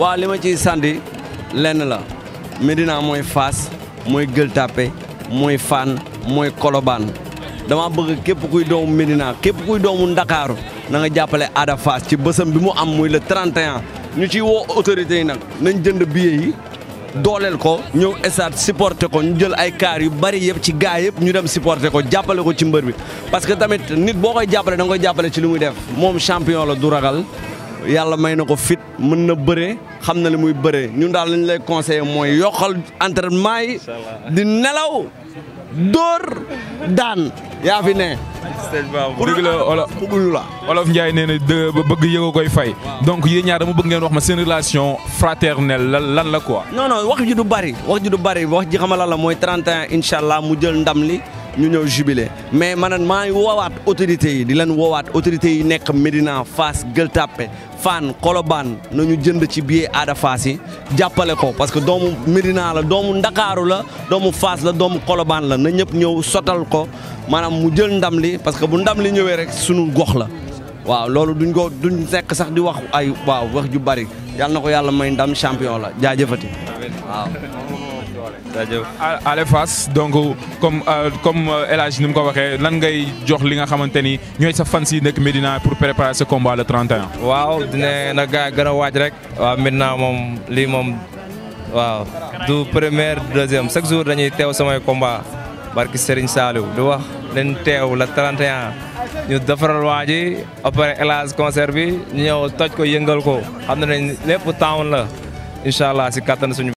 waaw li ma ciy sandi lenn la Médina mooy Fass mooy Gueule mooy Fann mooy Colobane dama bëgg képp kuy doomu Médina képp kuy doomu Ndakaaru na nga jàppale Ada ci bësam bi mu am muy le 31 ñu ci woo autorités yi nag nañ jënd billet yi dooleel ko ñëw stade supporter ko ñu jël ay kaar yu bari yëpp ci gaa yëpp ñu dem supporter ko jàppale ko ci mbër bi parce que tamit nit boo koy jàppale da nga koy ci lu muy def moom champion la du ragal yàlla may na ko fit mën na bëre xam na li muy bëre ñun daal lañ lay conseillé mooy yokkal entraînement yi. di nelaw dóor daan yaa fi ne. dëgg la olof olof Ndiaye nee na bëgg yëgoo koy fay. donc yéen ñaara dama bëgg ngeen wax ma seen relation fraternelle lan lan la ko non non wax ji du bari wax ji du bari wax ji xamal la mooy 31 incha allah mu jël ndam li. ñu ñëw jubilé mais man maa ngi woowaat autorités yi di leen woowaat autorités yi nekk Médina Fass Gueule Tapée Fann Colobane na ñu jënd ci billet Ada Fass yi jàppale ko parce que doomu Médina la doomu Ndakaaru la doomu Fass la doomu Colobane la na ñëpp ñëw sotal ko maanaam mu jël ndam li parce que bu ndam li ñëwee rek sunu gox la waaw loolu duñ ko duñ nekk sax di wax ay waaw wax ju bari yàlla na ko yàlla may ndam champion la jaajëfati waaw. jaajëf Alé donc comme euh, comme euh, El Hadj ni ko waxee lan ngay jox li nga xamante ni ñooy sa fan si nekk Medina pour préparer ce combat le 31. waaw dina na gaa gën waaj rek. waaw Medina moom lii moom waaw du première deuxième chaque jour dañuy teew samay combat barki Serigne Saliou di wax leen teew la 31. ñu defaral waa ji élage concert ñu ñëw toj ko yëngal ko xam nañ lépp tawoon la incha allah si kattan suñu.